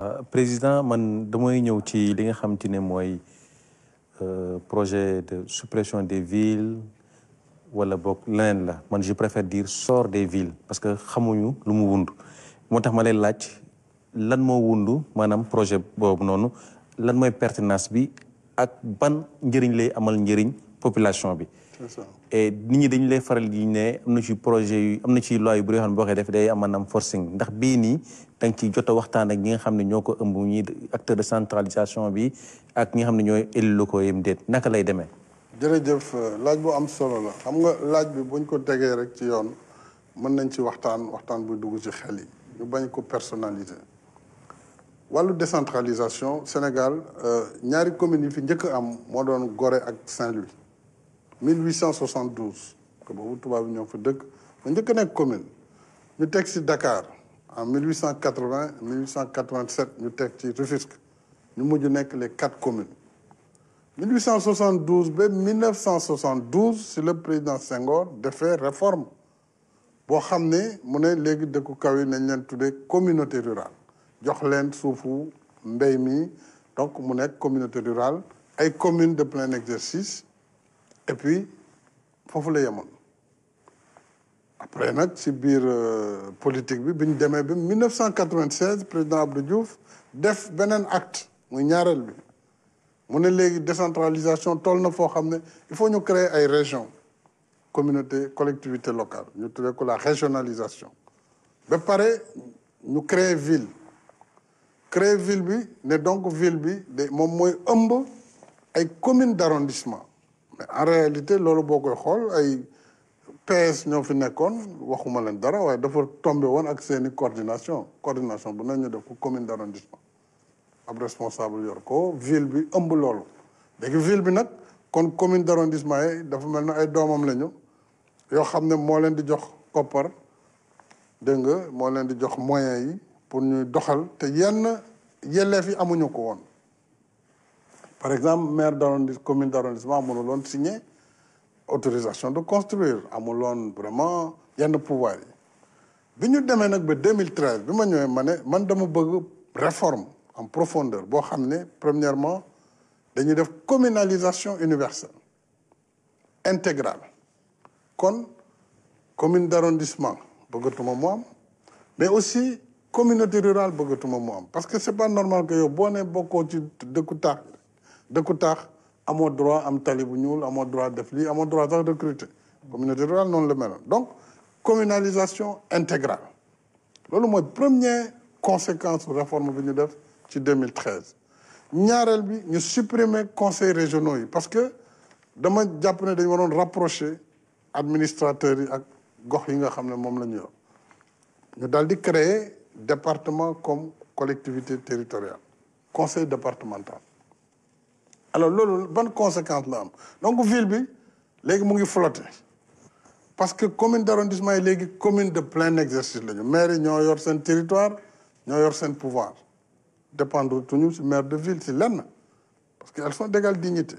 Euh, président man damay ñëw ci li nga xam ne mooy euh, projet de suppression des villes wala bokk leneen la man je préfère dire sort des villes parce que xamuñu lu mu wund moo tax ma lay laaj lan moo wundu maanaam projet boobu noonu lan mooy pertinence bi ak ban njëriñ lay amal njëriñ population bi et nit ñi dañu lay faral di ne am na ci projet yu am na ci loi yu bëri yoo ne boo koy def day am maanaam forcing ndax bii nii da nga ciy jot a waxtaan ak ñi nga xam ne ñoo ko ëmb ñi acteur centralisation bi ak ñi nga xam ne ñooy élus locaux yem déet naka lay demee. jërëjëf laaj bu am solo la xam nga laaj bi buñ ko tegee rek ci yoon mën nañ ci waxtaan waxtaan bu dugg ci xel yi ñu bañ ko personnaliser wallu décentralisation Sénégal euh, ñaari communes yi fi njëkk am moo doon gore ak Saint-Louis. 1872 que boobu tubaab bi ñoo fa dëkk ba njëkk a nekk commune ñu teg si dakaar en 1880 1887 ñu teg ci Rufisque ñu mujj nekk les quatre communes 1872 ba 1972 si le président Senghor defee réforme boo xam ne mu ne léegi dëkku kaw yi nañ leen tuddee communauté rural jox leen suufu mbéy mi donc mu nekk communauté rural ay communes de plein exercice et puis foofu la yemoon après nag si biir euh, politique bi bi ñu demee ba 1996 président Abdou Diouf def beneen acte muy ñaareel bi mu ne léegi décentralisation toll na foo xam ne il faut ñu créer ay régions communauté collectivité locale ñu tuddee ko la régionalisation ba pare ñu créer ville créer ville bi ne donc ville bi de moom mooy ëmb ay communes d'arrondissement mais en réalité loolu boo koy xool ay PS ñoo fi nekkoon waxuma leen dara waaye dafa tombé woon ak seeni coordination coordination bu nañ ñu def ko commune d' arrondissement ab responsable yor ko ville bi ëmb loolu léegi ville bi nag kon commune d' arrondissement yi dafa mel na ay doomam lañu yoo xam ne moo leen di jox koppar dégg nga moo leen di jox moyens yi pour ñuy doxal te yenn yelleef yi amuñu ko woon par exemple maire d'arrondissement commune d'arrondissement mënu loon signer autorisation de construire amul loon vraiment yenn pouvoir yi bi ñu demee nag ba 2013 bi ma ñëwee ma ne man dama bëgg réforme en profondeur boo xam ne premièrement dañuy def communalisation universelle intégrale kon commune d'arrondissement bëggatuma mu am mais aussi communauté rural bëggatuma mu am parce que c'est pas normal que yow boo ne bokkoo ci dëkku taax dëkku taax amoo droit am tali bu ñuul amoo droit def lii amoo droit sax recruter communauté rurale noonu la meloon donc communalisation intégrale loolu mooy premier conséquence réforme bi ñu def ci 2013 ñaareel bi ñu supprimer conseil régionaux yi parce que dama jàpp ne dañu waroon rapprocher administrateurs yi ak gox yi nga xam ne moom la ñu yor ñu daal di créer département comme collectivité territoriale conseil départemental alors loolu ban conséquence la am donc ville bi léegi mu ngi flotter parce que commune d' arrondissement yi léegi commune de plein exercice la ñu maire ñoo yor seen territoire ñoo yor seen pouvoir dépendre ñu si maire de ville si lenn parce que elles sont d'égale dignité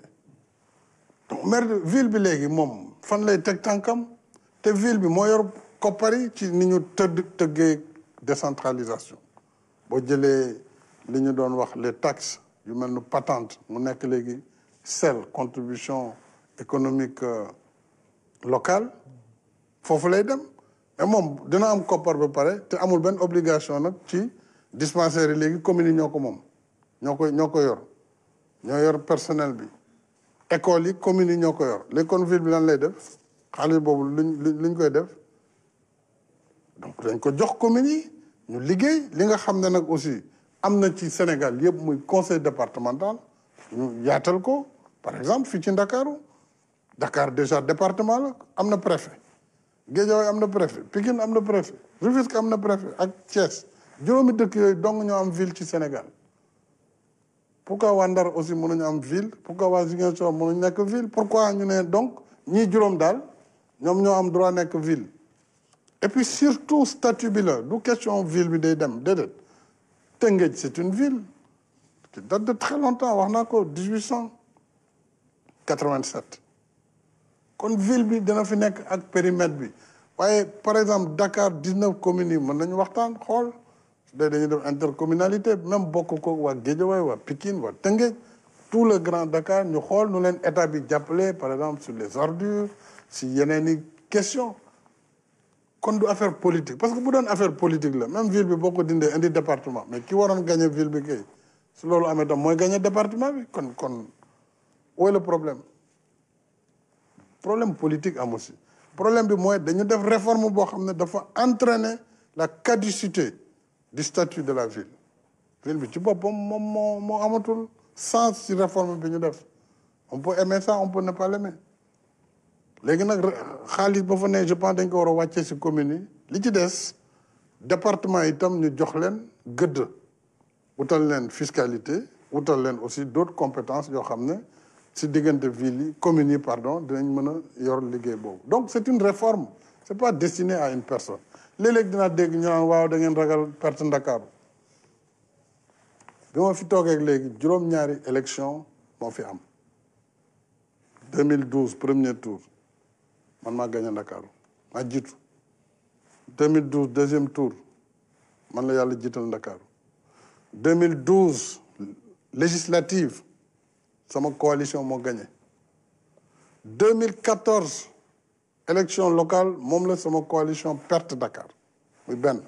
donc maire de ville bi léegi moom fan lay teg tànkam te ville bi moo yor koppari ci ni ñu tëdd tëggee décentralisation boo jëlee li ñu doon wax les taxes yu mel ni patente mu nekk léegi CEL contribution économique euh, locale foofu lay dem mais moom dina am koppar ba pare te amul benn obligation nag ci dispensaire yi léegi communes yi ñoo ko moom ñoo ko ñoo ko yor ñoo yor personnel bi école yi communes yi ñoo ko yor léegi kon ville bi lan lay def xaalis boobu luñ luñ koy def donc dañ ko jox communes yi ñu liggéey li nga xam ne nag aussi am na ci Sénégal yëpp muy conseil départemental ñu yaatal ko par exemple fii ci Ndakaaru Dakar déjà département la am na préfet Guédiawaye am na préfet Pikine am na préfet Rufisque am na préfet ak Thiès juróomi dëkk yooyu dong ñoo am ville ci Sénégal pourquoi waa Ndar aussi mënuñu am ville pourquoi waa Ziguinchor mënuñu nekk ville pourquoi ñu ne donc ñii juróom daal ñoom ñoo am droit nekk ville et puis surtout statut bi du question ville bi day dem déedéet Tëngéej c'est une ville qui date de très longtemps wax naa ko 1887 kon ville bi dana fi nekk ak périmètre bi waaye par exemple Dakar 19 communes yi mën nañu waxtaan xool su dee dañuy def intercommunalité même bokk ko waa Guédiawaye waa Pikine waa Tëngéej tout le Grand Dakar ñu xool nu leen état bi jàppale par exemple sur les ordures si yeneen i question kon du affaire politique parce que bu doon affaire politique la même ville bi boo ko dindee indi département mais ki waroon gagné ville bi kay su loolu amee tam mooy gagné département bi kon kon où est problème problème politique amu si problème bi mooy dañu def réforme boo xam ne dafa entraîner la caducité du statut de la ville ville bi ci boppam moom moo moo amatul sens ci réforme bi ñu def on peut aimer ça on peut ne pas léegi nag xaalis ba fa ne je pense dañ ko war a wàccee si commune yi li ci des yi itam ñu jox leen gëdd utal leen fiscalité utal leen aussi d'autres compétences yoo xam ne si diggante ville yi communes yi pardon dinañ mën a yor liggéey boobu donc c'est une réforme c'est pas destiné à une personne léeg-léeg dinaa dégg ñu waaw da ngeen ragal perte Ndakaaru bi ma fi toogeeg léegi juróom-ñaari élection moo fi am 2012 premier tour man maa gagné Dakar maa jiitu 2012 deuxième tour man la yàlla jiital Dakar 2012 législative sama coalition moo gagné 2014 élection locale moom la sama coalition perte Dakar muy benn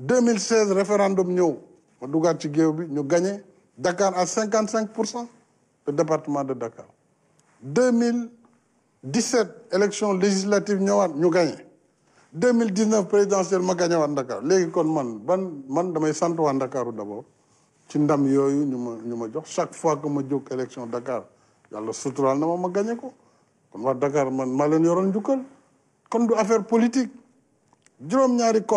2016 référendum ñëw ma dugaat ci géew bi ñu gagné Dakar à 55 pour cent département de Dakar 17 élections législatives ñëwaat ñu mille gagné 2019 présidentielle ma gagné waat Ndakaaru léegi kon man ban man damay sant waa Ndakaaru d'abord ci ndam yooyu ñu ma ñu ma jox chaque fois que ma jóg élection Dakar yàlla suturaal na ma ma gagné ko kon waa Dakar man maa leen yoroon njukkal kon du affaire politique juróom-ñaari